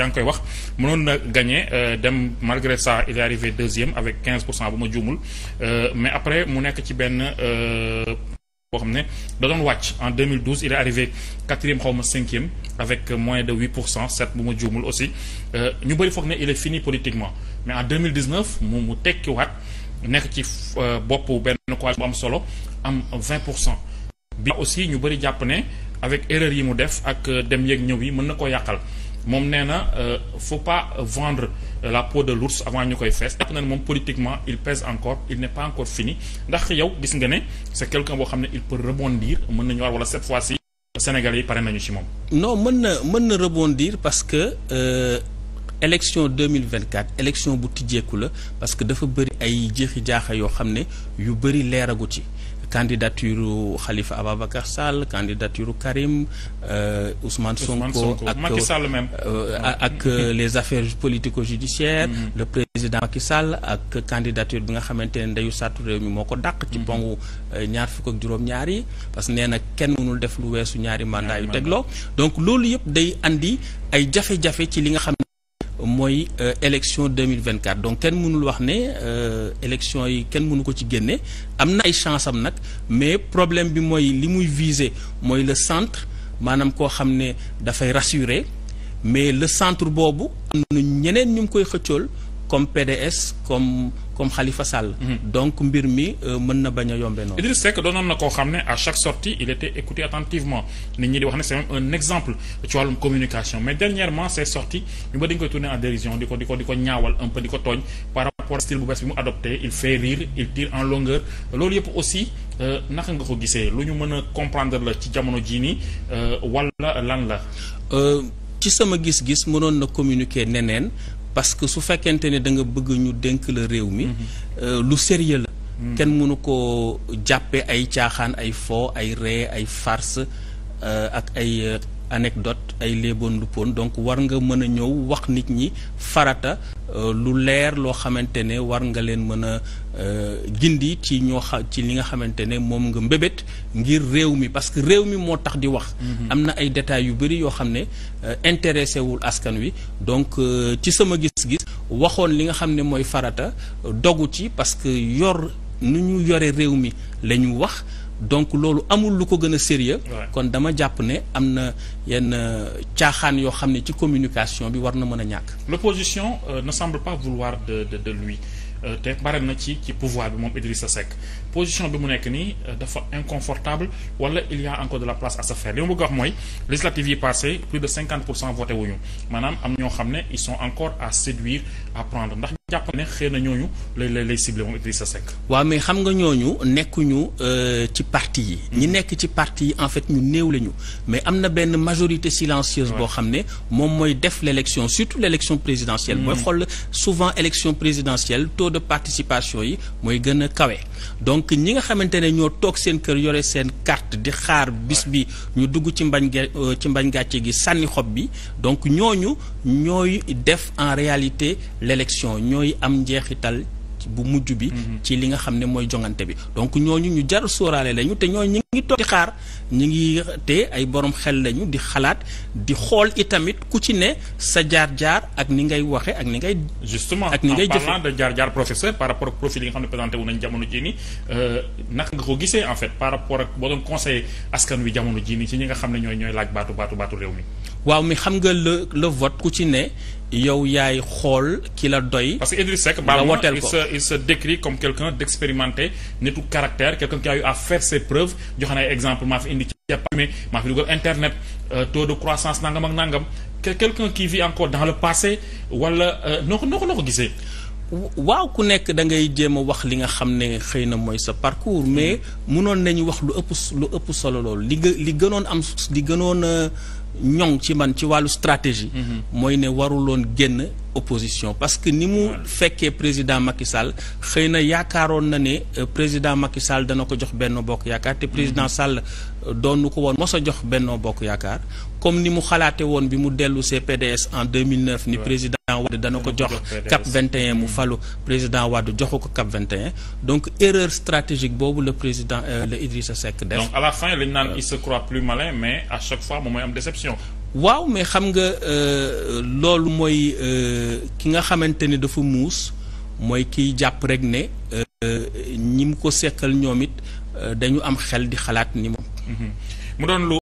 yaa ngi koy wax mënoon na gagné euh, dem malgré ça il est arrivé deuxième avec quinze pour cent bu ma juumul euh, mais après mu nekk ci benn euh, boo xam ne da doon wàcc en 2012 il est arrivé quatrième xaw ma cinquième avec moins de huit pour cent sept bu ma juumul aussi ñu bëri foog ne il est fini politiquement mais en 2019 mu mu tekki waat nekk ci bopp benn coalition bu am solo am vingt pour cent bi aussi ñu bëri jàpp ne avec erreur yi mu def ak dem yeeg ñëw yi mën na koo yàqal moom nee na euh, faut pas vendre euh, la peau de l'ours avant ñu koy fees jàpp na ne moom politiquement il pèse encore il n'est pas encore fini ndax yow gis nga ne c'est quelqu'un boo xam ne il peut rebondir mën nañu war wala cette fois si Sénégalais yi pare nañu ci moom non mën na mën na rebondir parce que euh, élection 2024 élection bu tijjeeku la parce que dafa bëri ay jeexi jaaxa yoo xam ne yu bëri leeragu ci candidature Khalifa Ababacar Sall candidature Karim euh, Ousmane, Ousmane Sonko, Sonko. ak Macky euh, Sall même euh, ak euh, les affaires politico-judiciaires mm. Mm-hmm. le président Macky Sall ak candidature bi nga xamante ne ndeyu sàttu réew mi moo ko dàq ci mm-hmm. pongu ñaar fukk ak juróom-ñaar yi parce que nee na kenn mënul def lu weesu ñaari mandat yu tegloo donc loolu yëpp day andi ay jafe-jafe ci li nga xam mooy euh, élection 2024 donc kenn mënul wax ne euh, élection yi kenn mënu ko ci génne am na ay chance am nag mais problème bi mooy li muy viser mooy le centre maanaam koo xam ne dafay rassurer mais le centre boobu am na ñeneen ñu ngi koy xëccool comme PDS comme comme Khalifa Sall. Mhm. donc mbir mi euh, mën na bañ a yombe noonu. Idriss Seck doonoon na koo xam ne à chaque sortie il était écouté attentivement nit ñi di wax ne c'est même un exemple ci wàllum communication mais dernièrement ces sorties ñu ba dañ koy tourner en dérision di ko di ko ñaawal un peu di ko tooñ par rapport ak style bu bees bi mu adopté il fait rire il tire en longueur loolu yëpp aussi euh, naka nga ko gisee lu ñu mën a comprendre euh, neneen parce que su fekkente ne da nga bëgg ñu dénk la réew mi mhm. euh, lu sérieux la mhm. kenn mënu koo jàppe ay caaxaan ay fo ay ree ay farce euh, ak ay euh, anecdote ay léeboon lu donc war nga mën a ñëw wax nit ñi farata euh, lu leer loo xamante ne war nga leen mën a euh, gindi ci ñoo xa ci li nga xamante ne moom nga mbébét ngir réew mi parce que réew mi moo tax di wax mm-hmm. am na ay détails yu bëri yoo xam ne euh, intéressé wul askan wi donc ci sama gis-gis waxoon li nga xam ne mooy farata dogu ci parce que yor nu ñu yore réew mi la ñu wax donc loolu amul lu ko gën a sérieux kon dama jàpp ne am na yenn euh, caaxaan yoo xam ne ci communication bi war na mën a ñàkk l'opposition position euh, ne semble pas vouloir de de de lui euh, te bare na ci ci pouvoir bi moom Idrissa Seck position bi mu nekk nii dafa inconfortable wala il y a encore de la place à se faire li ma bëgg wax mooy législatives yi passé plus de cinquante pour cent voté wuñu maanaam am ñoo xam ne ils sont encore à séduire à prendre ndax jàpp ne xëy na ñooñu lay lay lay ciblé moom Idrissa Seck. waaw mais xam nga ñooñu nekkuñu euh, ci parti yi. ñi mm-hmm. nekk ci parti yi en fait ñu néew lañu mais am na benn majorité silencieuse. boo xam ne moom mooy def l' surtout l' élection présidentielle. mooy mm-hmm. xool souvent élection présidentielle taux de participation yi mooy gën a kawe. donc ñi nga xamante ne ñoo toog seen kër yore seen carte di xaar bis bi ñu dugg ci mbañ euh, ci mbañ gàcce gi sànni xob bi donc ñooñu ñooy def en réalité l' ñooy am njeexital bu mujj bi. Mhm. ci li nga xam ne mooy jongante bi donc ñooñu ñu jar sóoraale lañu te ñooñu ñu ngi toog di xaar ñu ngi te ay boroom xel lañu di xalaat di xool itamit ku ci ne sa jaar-jaar ak ni ngay waxe ak ni ngay. justement ak ni ngay jëfe en parlant de jaar-jaar professeur par rapport ak profil yi nga jamono jii nii euh, naka nga ko gisee en fait par rapport ak boo doon conseillé askan wi jamono jii nii ci ñi nga xam ne ñooy ñooy laaj baatu baatu baatu réew mi. waaw mi xam nga la le vote ku ci ne yow yaay xool ki la doy. parce que Idriss Seck baal ma il se il se décrit comme quelqu'un d'expérimenté nitu caractère quelqu'un qui a eu à faire ses preuves exemple maa fi indi ci mais maa fi dugal internet euh, taux de croissance nangam ak nangam quelqu'un qui vit encore dans le passé wala euh, noo ko noo ko noo gisee. waaw ku nekk da ngay jéem a wax li nga xam ne xëy na mooy sa parcours mais mm-hmm. mënoon nañu wax lu ëpp lu ëpp solo loolu li gë li gënoon am li gënoon a. Euh, ñoŋ ci man ci wàllu stratégie. Mm-hmm. mooy ne waruloon génn opposition parce que ni mu fekkee président Macky Sall xëy na yaakaaroon na ne euh, président Macky Sall dana ko jox Benno Bokk Yaakaar te président mhm. Sall euh, doon nu ko woon mos sa jox Benno Bokk Yaakaar comme ni mu xalaate woon bi mu dellu see PDS en 2009 ni président Wade dana ko jox CAP 21 mu mhm. falu président Wade joxu ko CAP 21 donc erreur stratégique boobu le président euh, le Idrissa Seck def donc à la fin lañ naan il mais à chaque fois moom mooy am déception waaw mais xam nga euh, loolu mooy euh, ki nga xamante ne dafa muus mooy kiy jàpp rek ne euh, ñi mu ko sekkal ñoom it dañu am xel di xalaat ni moom mu doon lu